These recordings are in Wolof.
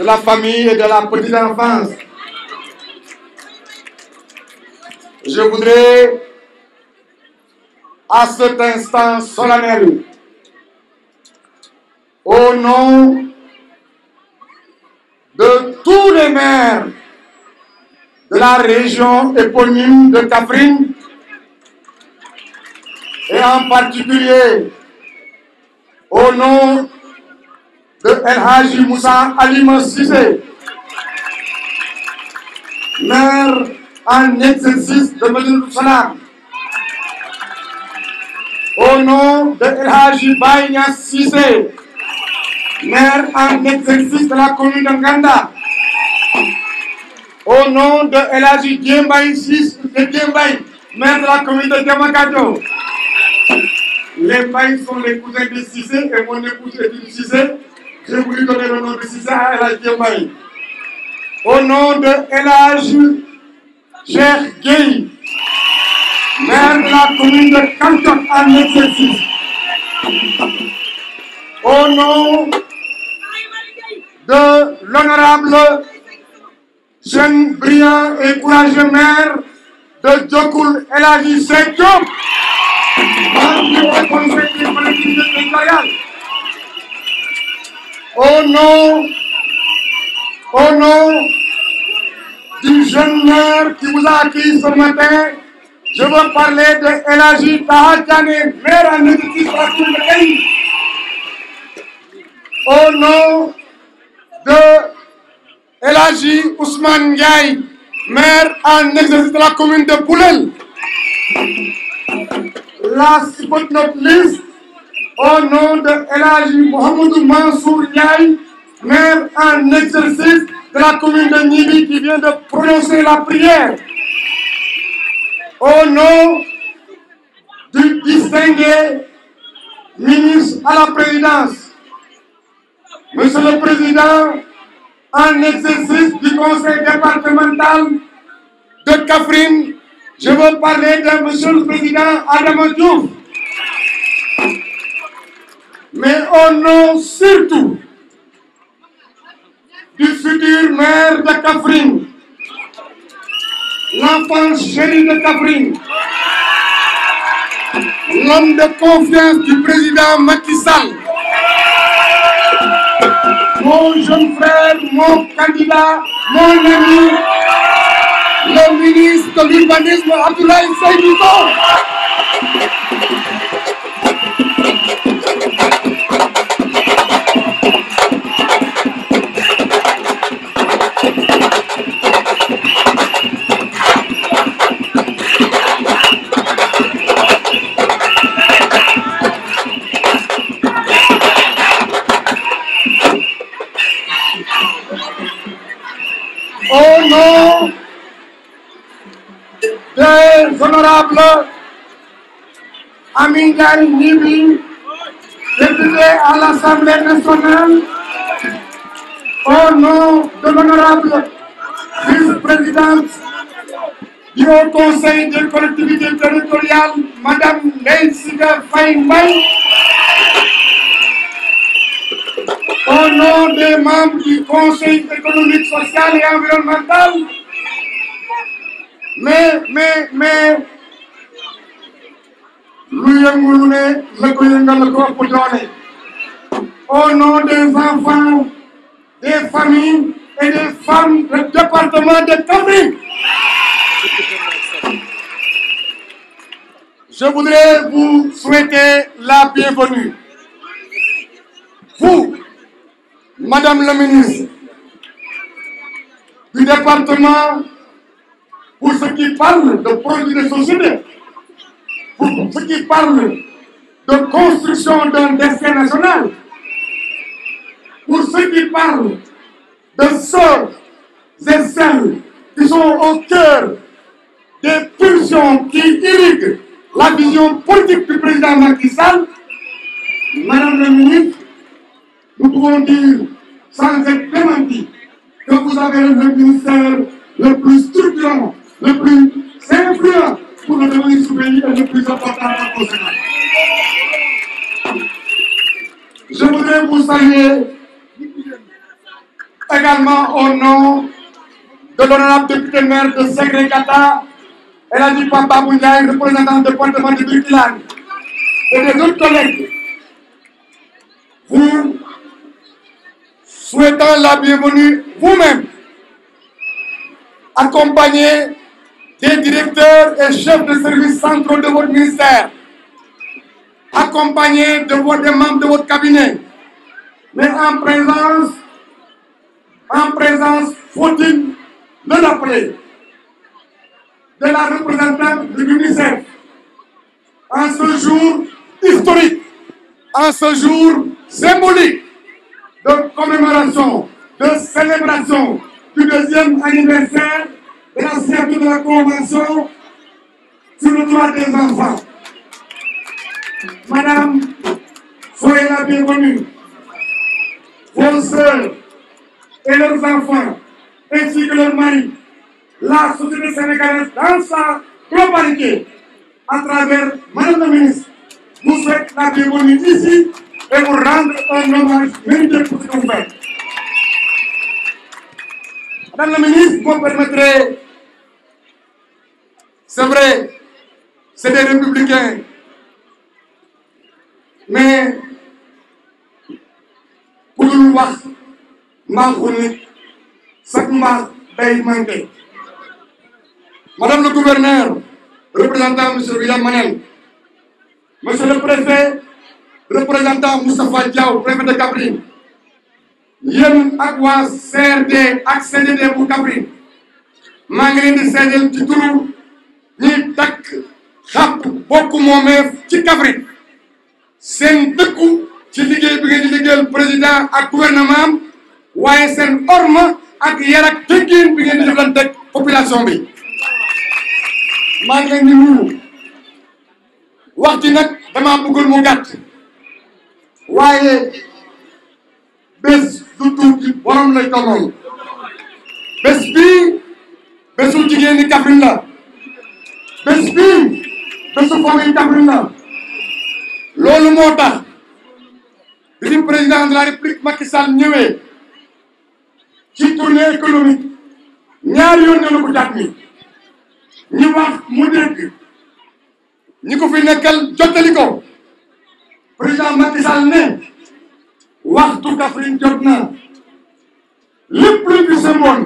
de la famille et de la petite enfance. Je voudrais, à cet instant solennel, au nom de tous les maires de la région éponyme de Caprine, et en particulier au nom de El Hadji Moussa Alima de Médina Sanam de El Hadji Baye maire en exercice de la commune de Nganda au maire de la commune de Diamagadio les Baye sont les cousins de Cissé et mon épouse est une Cissé Je vous lui donner le nom de Sissa El Au nom de El Hadj maire de la commune de Kantok en exercice. Au nom de l'honorable jeune et courageux maire de Diokoul El Hadj Seck Diop, membre du conseil des Au nom, au nom du jeune maire qui vous a accueilli ce matin, je veux parler de El Hadji Taha Diané, maire en exercice du pays. Au nom de El Hadji Ousmane Ndiaye, maire en exercice de la commune de Boulel. Last but not least, au nom de El Hadji Mouhamadou Mansour en exercice de la commune de Gniby qui vient de prononcer la prière au nom du distingué ministre à la présidence monsieur le président en exercice du conseil départemental de Kaffrine je veux parler de monsieur le président Adama Diouf au nom surtout du futur maire de Kaffrine l'enfant chéri de Kaffrine l'homme de confiance du président Macky mon jeune frère mon candidat mon ami le ministre de l'urbanisme Abdoulaye Seydou l'honorable Amingar Nibi, député à l'Assemblée nationale, au nom de l'honorable vice-présidente du Conseil des collectivités territoriales, Madame Neysiga Faye au nom des membres du Conseil économique, social et environnemental, mais, mais, lu yëngu lu ne la ko yëngal la des enfants des familles et des femmes du département de Kaffrine je voudrais vous souhaiter la bienvenue vous madame la ministre du département pour ceux qui parlent de produits de société pour ceux qui parlent de construction d'un destin national, pour ceux qui parlent de ceux et celles qui sont au cœur des pulsions qui irriguent la vision politique du président Macky Sall, Madame la ministre, nous pouvons dire sans être démenti que vous avez le ministère le plus structurant, le plus influent pour le devenir du pays Je voudrais vous saluer également au nom de l'honorable député maire de Segrégata, El Hadji Pape Babou Ndiaye, représentant du de Birkelane, et des autres collègues. Vous souhaitant la bienvenue vous-même, accompagné des directeurs et chefs de services centraux de votre ministère, accompagnés de votre, des de votre cabinet, mais en présence, en présence, faut de la représentante de l'UNICEF, en ce jour historique, en ce jour symbolique de commémoration, de célébration du deuxième anniversaire de l'ancien de la Convention sur le droit des enfants. Madame, soyez la bienvenue. Vos sœurs et leurs enfants, ainsi que leurs maris, la société sénégalaise dans sa globalité, à travers Madame la ministre, vous souhaite la bienvenue ici et vous rendre un hommage mérité pour ce que vous faites. Madame la ministre, vous permettrez c'est vrai c'est des républicains mais ku dul wax manqu nit chaque manque day manqué madame le gouverneur représentant monsieur William monsieur le préfet représentant Moustapha Diaw préfet de Kaffrine yéen ak waa CRD ak CDD bu Kaffrine maa ngi leen di seedeel ci turu ñuy takk xàpp bokk moomeef ci Kaffrine seen dëkku ci liggéey bi nga di liggéeyal président ak gouvernement waaye seen orma ak yar ak teggin bi ngeen di jëflanteeg population bi maa ngi leen di nuyu wax ji nag damaa bëggul mu gàtt waaye bés du tuuti waroon lay tolloon bés bii bésu jigéen ñi Kaffrine la bés bii bésu Fodé loolu moo tax président de la république Macky Sall ñëwee ci économique ñaari yoon ne la ñi wax mu dégg ñi ko fi nekkal jottali ko président Macky Sall ne waxtu Kaffrine jot na lépp luñ fi sëmboon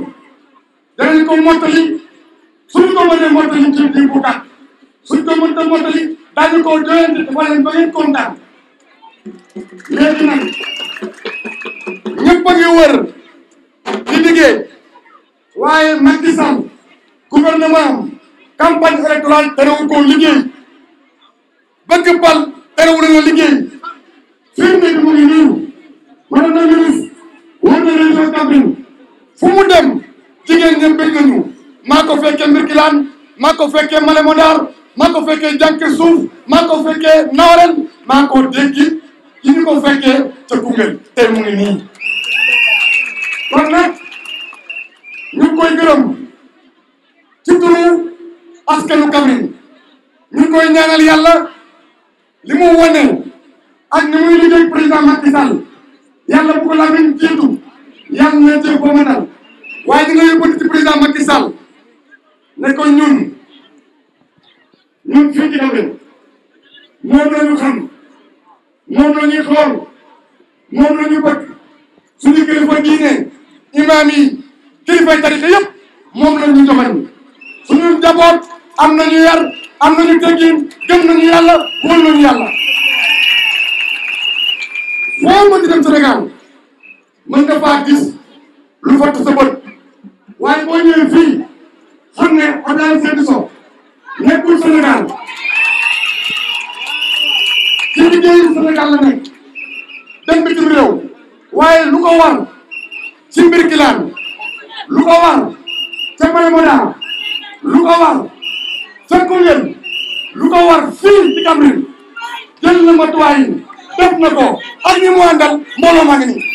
ko mottali. ko mënee mottali ci diir bu tàkk suñ ko mënta mottali daañu koo joyante dafa leen ba ngeen kontaan léegi nag ñëpp a ngi wër di waaye Macky Sall gouvernement am campagne électorale terewu koo liggéey bëgg bal terewu la liggéey mu ngi nii madame la ministre war na région Kaffrine fu mu dem jigéen ñëpp bëgg nañu maa ko fekkee Mbirkilaan maa ko fekkee Malémondar maa ko fekkee Suuf maa ko fekkee Naawreen déggi yi ñu ko fekkee mu ngi nii kon nag ñu ngi koy gërëm ci turu askanu Kaffrine ñu ngi koy ñaanal yàlla li mu wane ak ni muy liggéey président Macky Sall yàlla bu jiitu yàlla na ci ko mënal waaye ñu ngi président Macky ne ko ñun ñun fii ci Dóorén moom la ñu xam moom la ñuy xool moom la ñu bëgg suñu kilifa diine imaam yi kilifay tarixa yëpp moom la ñu joxañ suñu njaboot am nañu yar am nañu teggin gëm nañu yàlla wóol nañu yàlla foo mën di dem Sénégal mën nga faa gis lu fatt sa waaye boo ñëwee xam ne Abdoulaye Seydou Sow nekkul Sénégal ci liggéeyu Sénégal la nekk dem bitim réew waaye lu ko war ci Birkilane lu ko war ca Maïmouna lu ko war ak ñi mu àndal